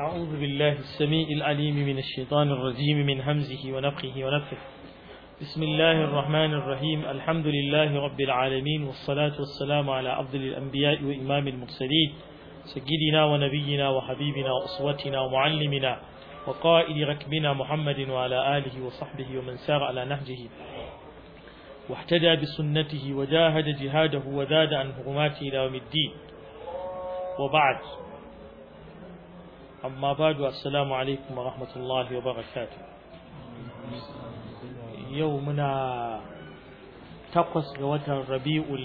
أعوذ بالله السميع العليم من الشيطان الرجيم من همزه ونفخه ونفخه بسم الله الرحمن الرحيم الحمد لله رب العالمين والصلاة والسلام على أفضل الأنبياء وإمام المرسلين سيدنا ونبينا وحبيبنا وأصوتنا ومعلمنا وقائد ركبنا محمد وعلى آله وصحبه ومن سار على نهجه واحتدى بسنته وجاهد جهاده وزاد عن حرماته إلى يوم الدين وبعد amma badu assalamu alaikum wa rahmatullahi wa barakatuh yau muna takwas ga watan rabi'ul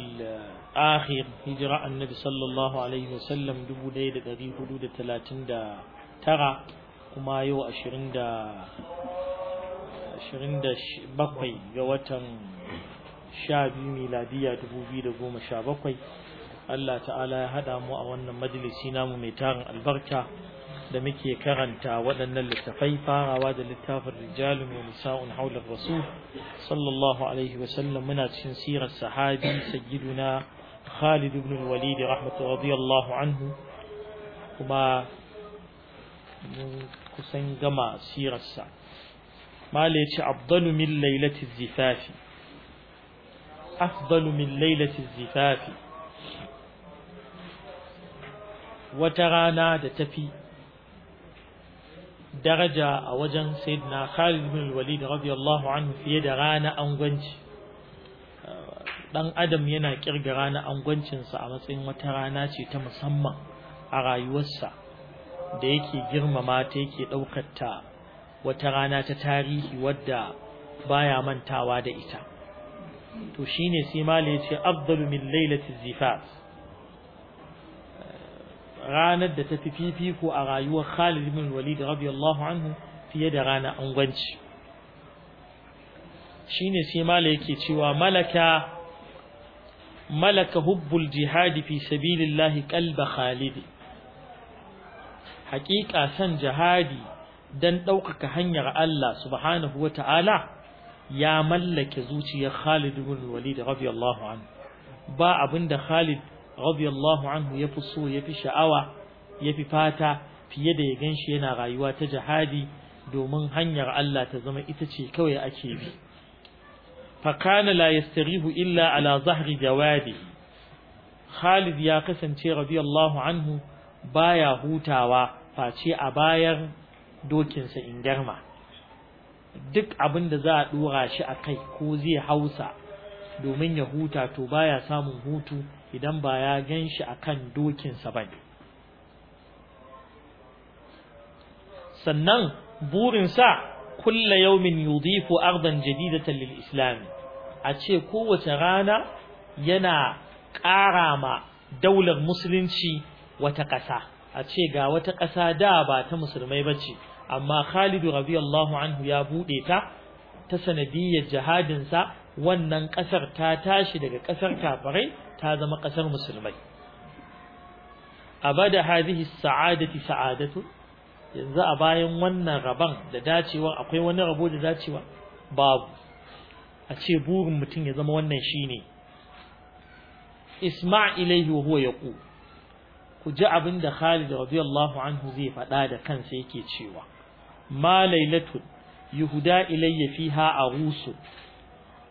akhir hijira annabi sallallahu alaihi wa sallam 1439 kuma yau 27 ga watan sha biyu miladiya 2017 Allah ta'ala ya haɗa mu a wannan majalisi namu mai tarin albarka da muke karanta waɗannan littafai farawa da littafin rijalun wa nisa'un haular rasul sallallahu alaihi wa sallam muna cikin sirar sahabi sayyiduna Khalid ibn Walid rahmatu radiyallahu anhu kuma kusan gama sirarsa mala yace afdalu min lailati zifafi afdalu min lailati zifafi wata rana da tafi daraja a wajen sayyidina Khalid bin Walid radiyallahu anhu fiye da rana angwanci dan adam yana kirga rana sa a matsayin wata rana ce ta musamman a rayuwarsa da yake girmama ta yake daukar ta wata rana ta tarihi wadda baya mantawa da ita to shine sai ya yace afdalu min lailati zifaf ranar da ta fi fifiko a rayuwar Khalid bin Walid radiyallahu anhu fiye da ranar angwanci shine sai mala yake cewa malaka malaka hubbul jihadi fi sabilillahi qalba Khalid haƙiƙa san jihadi dan ɗaukaka hanyar Allah subhanahu wata'ala ya mallake zuciyar Khalid bin Walid radiyallahu anhu ba abinda Khalid radiyallahu anhu ya fi so ya fi sha'awa ya fi fata fiye da ya ganshi yana rayuwa ta jihadi domin hanyar Allah ta zama ita ce kawai ake bi kana la yastarihu illa ala zahri jawadi Khalid ya kasance radiyallahu anhu baya hutawa face a bayan dokinsa girma. duk abin da za a dora shi a kai ko zai hausa domin ya huta to baya samun hutu idan ba ya gan shi akan dokinsa ba ne sannan burinsa kulla yaumin yudifu ardan jadidatan lil islam a ce kowace rana yana ƙara ma daular musulunci wata ƙasa a ce ga wata ƙasa da ba ta musulmai ba ce. amma Khalidu radiyallahu anhu ya bude ta ta sanadiyyar jihadinsa wannan ƙasar ta tashi daga kasar kafirai ta zama ƙasar musulmai abada hadhihi sa'adati sa'adatu yanzu a bayan wannan raban da dacewa akwai wani rabo da dacewa babu a ce burin mutum ya zama wannan shine isma' ilayhi wa huwa yaqu ku ji abinda da Khalid radiyallahu anhu zai faɗa da kansa yake cewa ma lailatun yuhda ilayya fiha arusu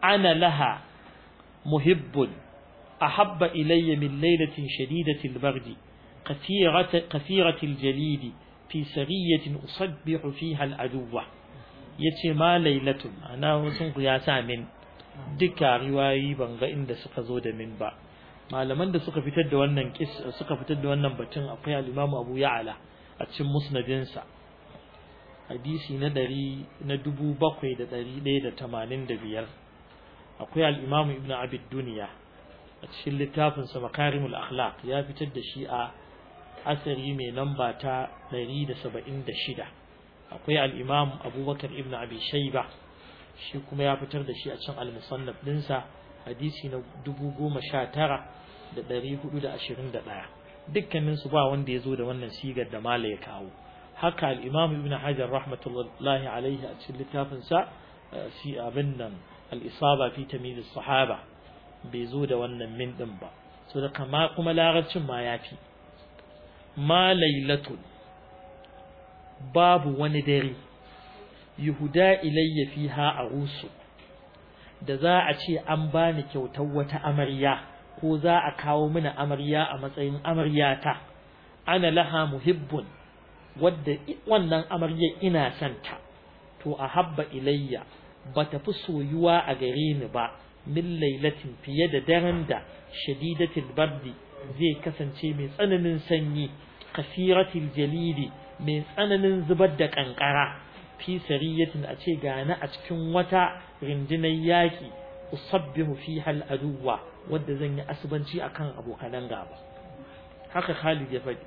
ana laha muhibbun ahabba ilayya min lailatin shadidatil bardi kasiratil jalidi fi sariyatin usabbihu fiha al'aduwa yace ma lailatun ana wasun ku ya sa min duka riwayoyi ban ga inda suka zo da min ba malaman da suka fitar da wannan suka fitar da wannan batun akwai al-Imam Abu Ya'la a cikin musnadinsa hadisi na bakwai da da da tamanin biyar. akwai al Ibn Abid duniya a cikin littafin sa Makarimul Akhlaq ya fitar da shi a asari mai lamba ta 176 akwai al Abubakar Ibn Abi shaiba shi kuma ya fitar da shi a cikin al-Musannaf dinsa hadisi na da dukkanin su ba wanda ya zo da wannan sigar da mala ya kawo haka al Ibn Hajar rahmatullahi alaihi a cikin littafinsa si abin nan al-isaba fi tamyiz sahaba bai zo da wannan min ɗin ba so da kama kuma larabcin ma fi. ma lailatul babu wani dare yuhuda ilayya a rusu. da za a ce an bani kyautar wata amarya ko za a kawo mini amarya a matsayin amaryata ana laha muhibbun wadda wannan amaryar ina santa to a habba ilayya ba ta fi soyuwa a gare ni ba min lailatin fiye da daren da shadidatil bardi zai kasance mai tsananin sanyi kasiratil Jalili mai tsananin zubar da kankara fi sariyatin a ce gane a cikin wata rindinar yaki usabbihu fiha al'aduwa wadda zan yi asibanci kan abokanan gaba haka Khalid ya faɗi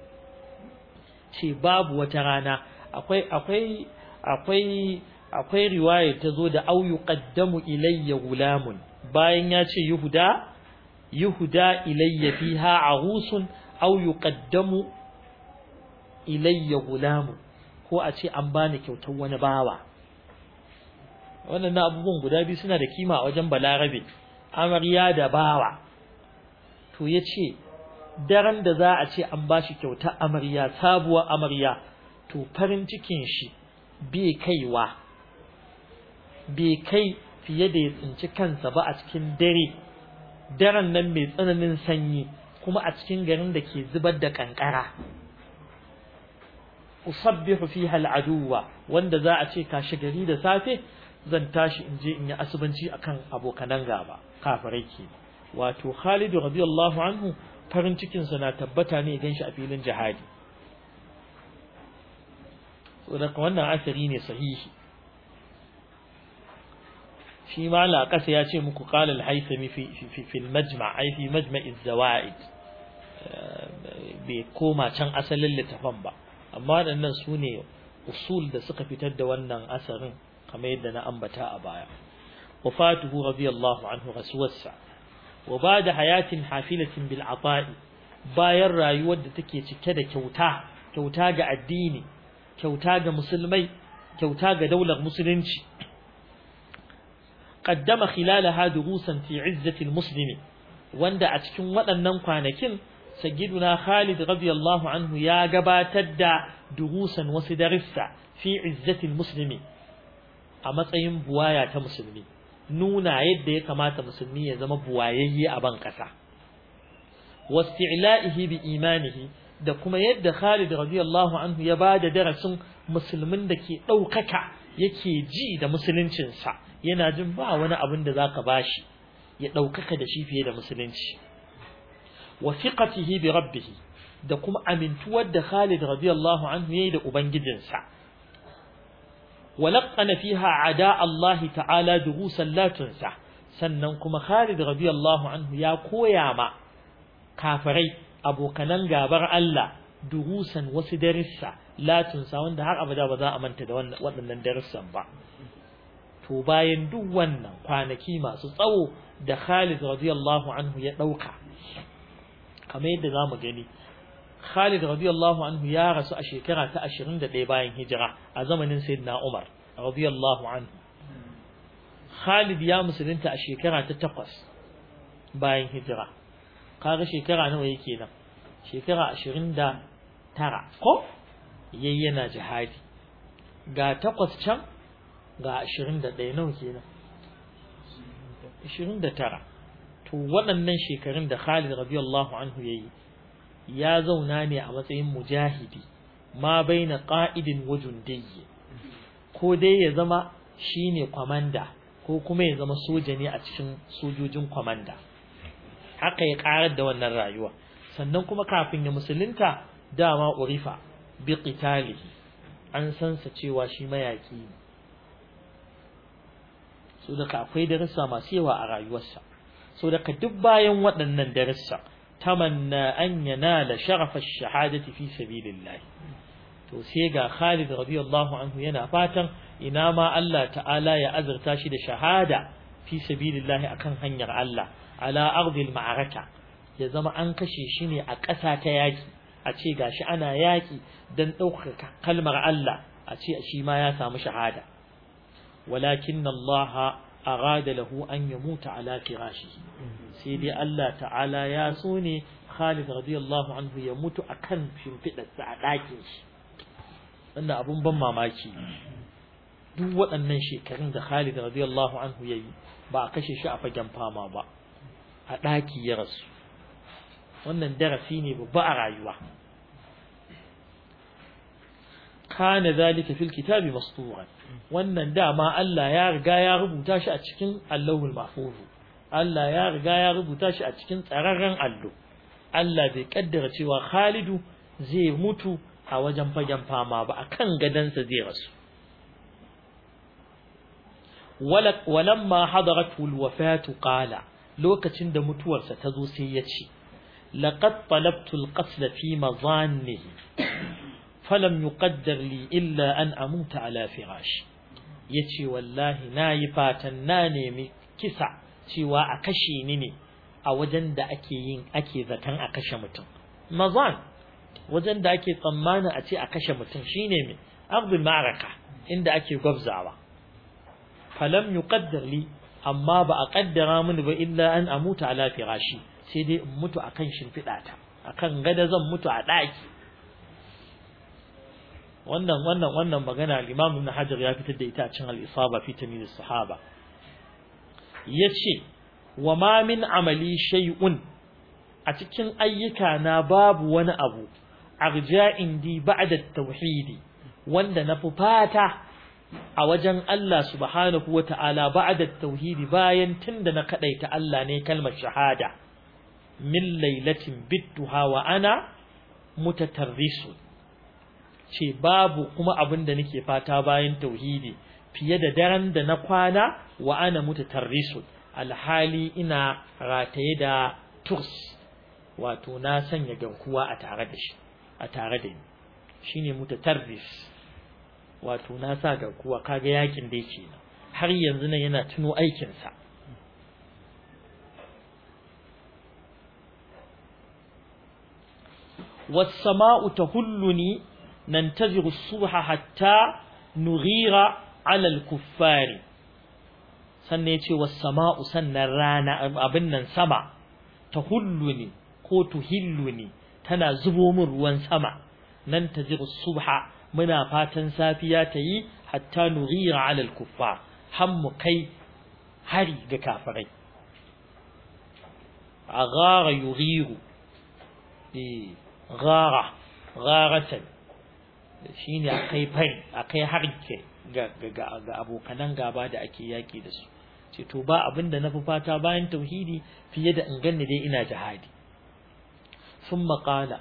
ce babu wata rana akwai akwai akwai akwai riwaya ta zo da au yuqaddamu ilayya gulamun bayan ya ce yuhuda yuhuda ilayya fiha aghusun au yuqaddamu ilayya gulamun ko a ce an bani kyautar wani bawa wannan abubuwan guda biyu suna da kima a wajen balarabe amarya da bawa to ya ce daren da za a ce an ba shi kyauta amarya sabuwar amarya to farin cikin shi bai kaiwa bai kai fiye da ya tsinci kansa ba a cikin dare daren nan mai tsananin sanyi kuma a cikin garin da ke zubar da kankara usabbihu fiha al'aduwa wanda za a ce tashi gari da safe zan tashi in je in yi asubanci akan abokanan gaba kafirai ke wato khalidu radiyallahu anhu farin cikin sa na tabbata ne idan shi a filin jihadi saboda wannan asiri ne sahihi shi ma la kasa ya ce muku qala al-haythami fi fi al ay fi zawaid eh, bai koma can asalin littafin ba amma waɗannan sune ne usul da suka fitar da wannan asarin kamar yadda na ambata a baya wafatuhu radiyallahu anhu rasuwarsa wa ba da hayatin hafilatin bil ata'i bayan rayuwar da take cike da kyauta kyauta ga addini kyauta ga musulmai kyauta ga daular musulunci qaddama khilalaha durusan fi izzati muslimi wanda a cikin waɗannan kwanakin sayyiduna Khalid radiyallahu anhu ya gabatar da durusan wasu darussa fi izzati muslimi a matsayin buwaya ta musulmi nuna yadda ya kamata musulmi ya zama buwayayye a ban kasa wasti'la'ihi bi imanihi da kuma yadda Khalid radiyallahu anhu ya bada darasin musulmin da ke ɗaukaka yake ji da musuluncinsa yana jin ba wani abin da zaka bashi ya ɗaukaka da shi fiye da musulunci wa fiqatihi bi rabbihi da kuma amintuwar da Khalid radiyallahu anhu yayi da ubangijinsa wa laqana fiha ada Allah ta'ala durusan latunsa sannan kuma Khalid radiyallahu anhu ya koya ma kafirai abokanan gabar Allah durusan wasu darussa latunsa wanda har abada ba za a manta da waɗannan darussan ba to bayan duk wannan kwanaki masu tsawo da Khalid radiyallahu anhu ya dauka kamar yadda zamu gani Khalid radiyallahu anhu ya rasu a shekara ta 21 bayan hijira a zamanin Sayyidina Umar radiyallahu anhu Khalid ya musulunta a shekara ta 8 bayan hijira kaga shekara nawa yake nan shekara 29 ko yayyana jihadi ga takwas can ga 21 nawa kenan 29 to waɗannan shekarun da Khalid radiyallahu anhu yayi ya zauna ne a matsayin mujahidi ma baina qa'idin wa jundiyyi ko dai ya zama shine kwamanda ko kuma ya zama soja ne a cikin sojojin kwamanda haka ya karar da wannan rayuwa sannan kuma kafin ya musulunta dama urifa bi qitalihi an sansa cewa shi mayaki ne so daga akwai darussa masu yawa a rayuwarsa so daga duk bayan waɗannan darussa tamanna an yanala sharafa shahadati fi sabilillah to sai ga Khalid radiyallahu anhu yana fatan ina ma Allah ta'ala ya azurta shi da shahada fi sabilillah akan hanyar Allah ala ardil ma'araka ya zama an kashe shi ne a ƙasa ta yaki a ce gashi ana yaki dan ɗaukar kalmar Allah a ce shi ma ya samu shahada walakin Allah arada lahu an yamuta ala firashihi sai dai Allah ta'ala ya so ne Khalid radiyallahu anhu ya mutu akan shimfidarsa a ɗakin shi wanda abun ban mamaki duk waɗannan shekarun da Khalid radiyallahu anhu ya yi ba a kashe shi a fagen fama ba a ɗaki ya rasu wannan darasi ne babba a rayuwa kana zalika fil kitabi masturan wannan dama Allah ya riga ya rubuta shi a cikin Allahul Mahfuz Allah ya riga ya rubuta shi a cikin tsararren allo Allah bai kaddara cewa Khalidu zai mutu a wajen fagen fama ba akan gadansa zai rasu walamma hadaratu alwafatu qala lokacin da mutuwarsa ta zo sai ya ce laqad talabtu alqatl fi mazannihi falam yuqaddar li illa an amuta ala firashi yace wallahi na yi fatan na nemi kisa cewa a kashe ni ne a wajen da ake yin ake zaton a kashe mutum mazan wajen da ake tsammanin a ce a kashe mutum shine me ardul ma'araka inda ake gwabzawa falam yuqaddar li amma ba a kaddara mini ba illa an amuta ala firashi sai dai in mutu akan shimfiɗata akan gada zan mutu a ɗaki wannan wannan wannan magana al-Imam Ibn Hajar ya fitar da ita a cikin al-Isaba fi Tamyiz as-Sahaba yace wa ma min amali shay'un a cikin ayyuka na babu wani abu arja'in di ba'da tauhidi wanda na fufata. fata a wajen Allah subhanahu wa ta'ala ba'da tauhidi bayan tunda na kadaita Allah ne kalmar shahada min lailatin bittuha wa ana mutatarrisun ce babu kuma abin da nake fata bayan tauhidi fiye da daren da na kwana wa ana mutatarrisu alhali ina rataye da turs wato na sanya gankuwa a tare da shi a tare da ni shine tarris wato na sa garkuwa kaga yakin da yake nan har yanzu nan yana tuno aikinsa. sa sama'u tahulluni ننتظر الصبح hatta نغير على الكفار sannan ya ce wasama'u sannan rana abin nan sama ta hullu ne ko tuhillu tana zubo mun ruwan sama nan ta ji muna fatan safiya ta yi hatta nughira ala al har mu kai hari ga kafarai. a gara yughiru eh gara gharatan shine a kai akai a kai harke ga abokanan gaba da ake yaƙi da su ce to ba abin da fi fata bayan tauhidi fiye da in ganni dai ina jihadi sun maƙala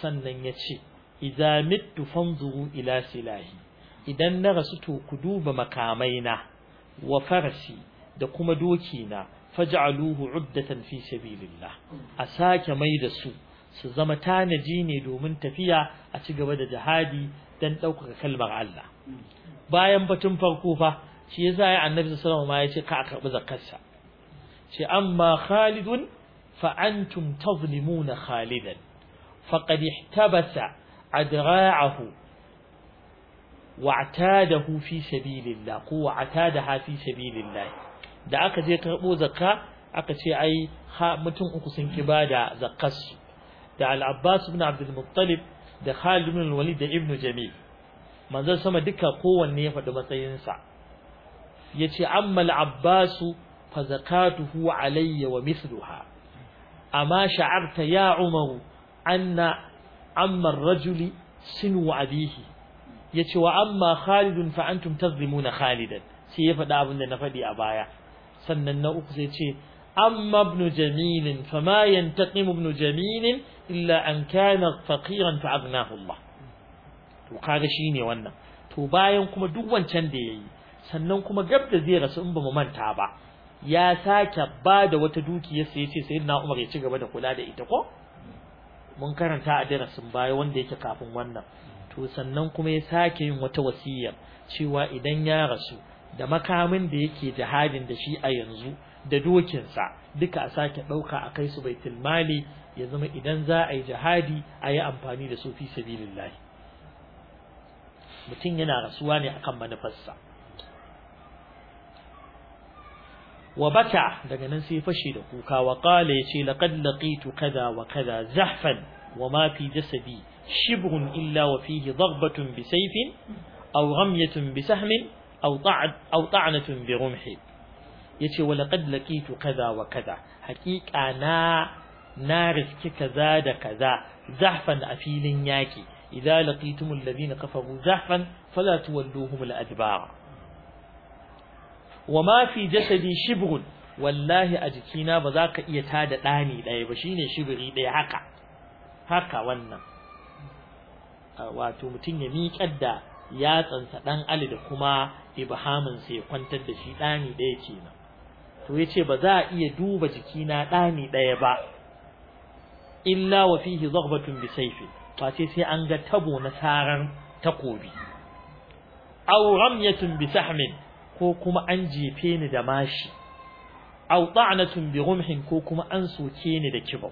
sannan ya ce idza mittu fanzuru ila silahi idan na rasu to ku duba makamaina wa farasi da kuma doki na faj'aluhu uddatan fi sabilillah a sake mai da su su zama tanaji ne domin tafiya a ci gaba da jihadi dan ɗaukaka kalmar Allah bayan batun farko fa shi yasa ya annabi sallallahu alaihi wasallam ma yace ka a karbi zakarsa ce amma khalidun fa antum tazlimuna khalidan faqad ihtabasa adra'ahu wa'tadahu fi sabilillah ko wa'tadaha fi sabilillah da aka je karbo zakka aka ce ai mutum uku sun ki bada zakarsu da al'abbas bin abdulmuttalib da Khalid bin Walid da Ibn Jamil manzan sama duka kowanne ya faɗi matsayinsa yace ce al-Abbas fa zakatuhu alayya wa mithluha amma sha'arta ya Umar anna ammar ar-rajuli sinu abihi yace wa amma khalidun fa antum tazlimuna Khalidan sai ya faɗi abin da na faɗi a baya sannan na uku sai ce أما ابن جميل فما ينتقم ابن جميل إلا أن كان فقيرا فأغناه الله وقال شيني wannan. to bayan kuma duk wancan da yayi sannan kuma gab da zai rasu in ba mu manta ba ya sake ba da wata dukiyar sai yace sayyidina Umar ya ci gaba da kula da ita ko mun karanta a darasin baya wanda yake kafin wannan to sannan kuma ya sake yin wata wasiyya cewa idan ya rasu da makamin da yake jihadin da shi a yanzu da dokinsa duka a sake ɗauka a kai su baitul mali ya zama idan za a yi jihadi a yi amfani da su fi sabilillahi mutum yana rasuwa ne akan manufarsa wa bata daga nan sai fashe da kuka wa qala yace laqad laqitu kaza wa kaza zahfan wa ma fi jasadi shibrun illa wa fihi darbatun bi sayfin aw ghamyatun bi sahmin أو, طعن أو طعنة برمح يتي ولقد لقيت كذا وكذا حقيقة أنا نارس كذا دا كذا زحفا أفيل ياكي إذا لقيتم الذين كفروا زحفا فلا تولوهم الأدبار وما في جسدي شبر والله أجتينا بذاك يتاد آني لا يبشين شبري ɗani حقا حقا shine shibiri ɗaya haka haka Ya tsansa ɗan ali da kuma ibhamin sai ya kwantar da shi dani daya kenan to yace ba za a iya duba jikina ɗani ɗaya ba illa wa fihi zaghbatun bi sayfi fa sai an ga tabo na sarar takobi aw ramyatun bi sahmin ko kuma an jefe ni da mashi aw ta'natun bi rumhin ko kuma an soke ni da kibo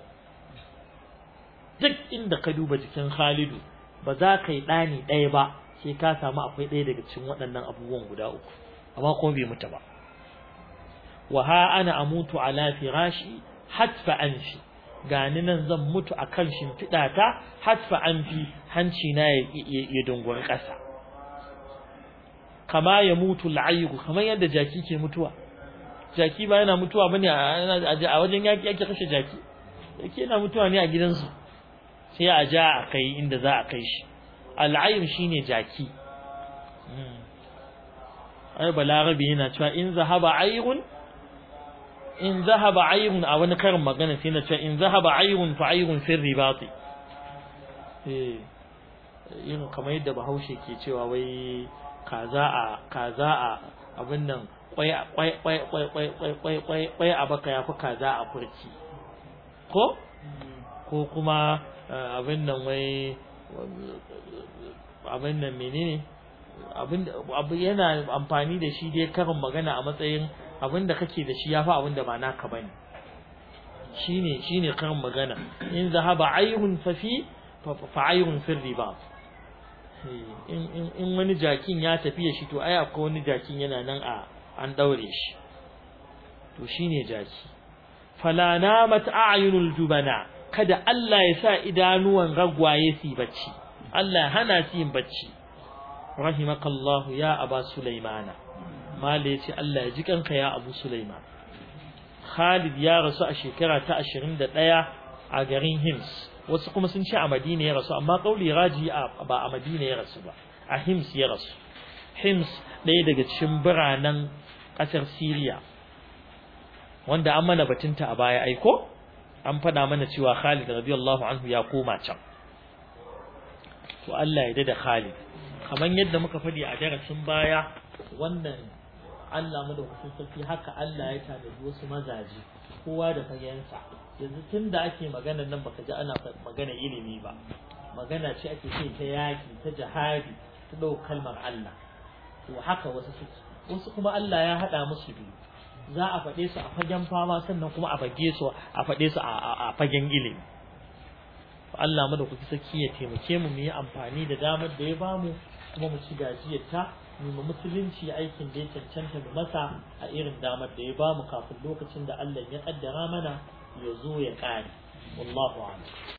duk inda ka duba jikin Khalidu ba za ka yi ɗani ɗaya ba sai ka samu akwai ɗaya daga cikin waɗannan abubuwan guda uku amma kuma bai mutu ba wa ha ana amutu ala firashi hatfa anfi gani nan zan mutu a kan shimfiɗa ta hatfa anfi hanci na ya dungur ƙasa kama ya mutu al'ayyu kamar yadda jaki ke mutuwa jaki ba yana mutuwa bane a wajen yaki yake kashe jaki yake yana mutuwa ne a gidansu sai a ja a kai inda za a kai shi shi shine jaki hmm. ai balarabi yana cewa in zahaba ayrun in zahaba ayrun a wani karin magana sai na cewa in zahaba ayrun fa ayrun fi ribati eh yin kamar yadda bahaushe ke cewa wai kaza a kaza a abin nan kwai a baka ya fi kaza a furci ko hmm. ko kuma eh, abin nan wai abin nan menene abin abu yana amfani da shi dai karin magana a matsayin abin da kake da shi ya fa abin da ba naka bane shine shine karin magana in zahaba ayrun fafi fa ayrun fi riba eh, in in wani jakin ya tafi ya shi to ai akwai wani jakin yana nan a an daure shi to shine jaki fala namat a'yunul jubana kada Allah ya sa idanuwan ragwaye su bacci Allah hana su yin bacci rahimakallahu ya aba sulaimana mala yace Allah ya ji kanka ya abu sulaiman Khalid ya rasu a shekara ta 21 a garin Hims wasu kuma sun ce a Madina ya rasu amma kauli raji ba a Madina ya rasu ba a Hims ya rasu Hims ɗaya daga cikin biranen ƙasar Syria wanda an mana batunta a baya aiko an faɗa mana cewa Khalid radiyallahu anhu ya koma can to Allah ya da Khalid kamar yadda muka faɗi a darasin baya wannan Allah mu da sarki haka Allah ya tanadi wasu mazaje kowa da fagensa yanzu tunda ake magana nan baka ji ana magana ilimi ba magana ce ake ce ta yaki ta jihadi ta ɗau kalmar Allah to haka wasu suke wasu kuma Allah ya haɗa musu biyu za a faɗe su a fagen fama sannan kuma a fage su a faɗe su a fagen ilimi Allah mu da kuke saki ya taimake mu mu yi amfani da damar da ya bamu kuma mu ci gajiyarta mu mu musulunci aikin da ya cancanta mu masa a irin damar da ya bamu kafin lokacin da Allah ya ƙaddara mana ya zo ya ƙare. wallahu a'lam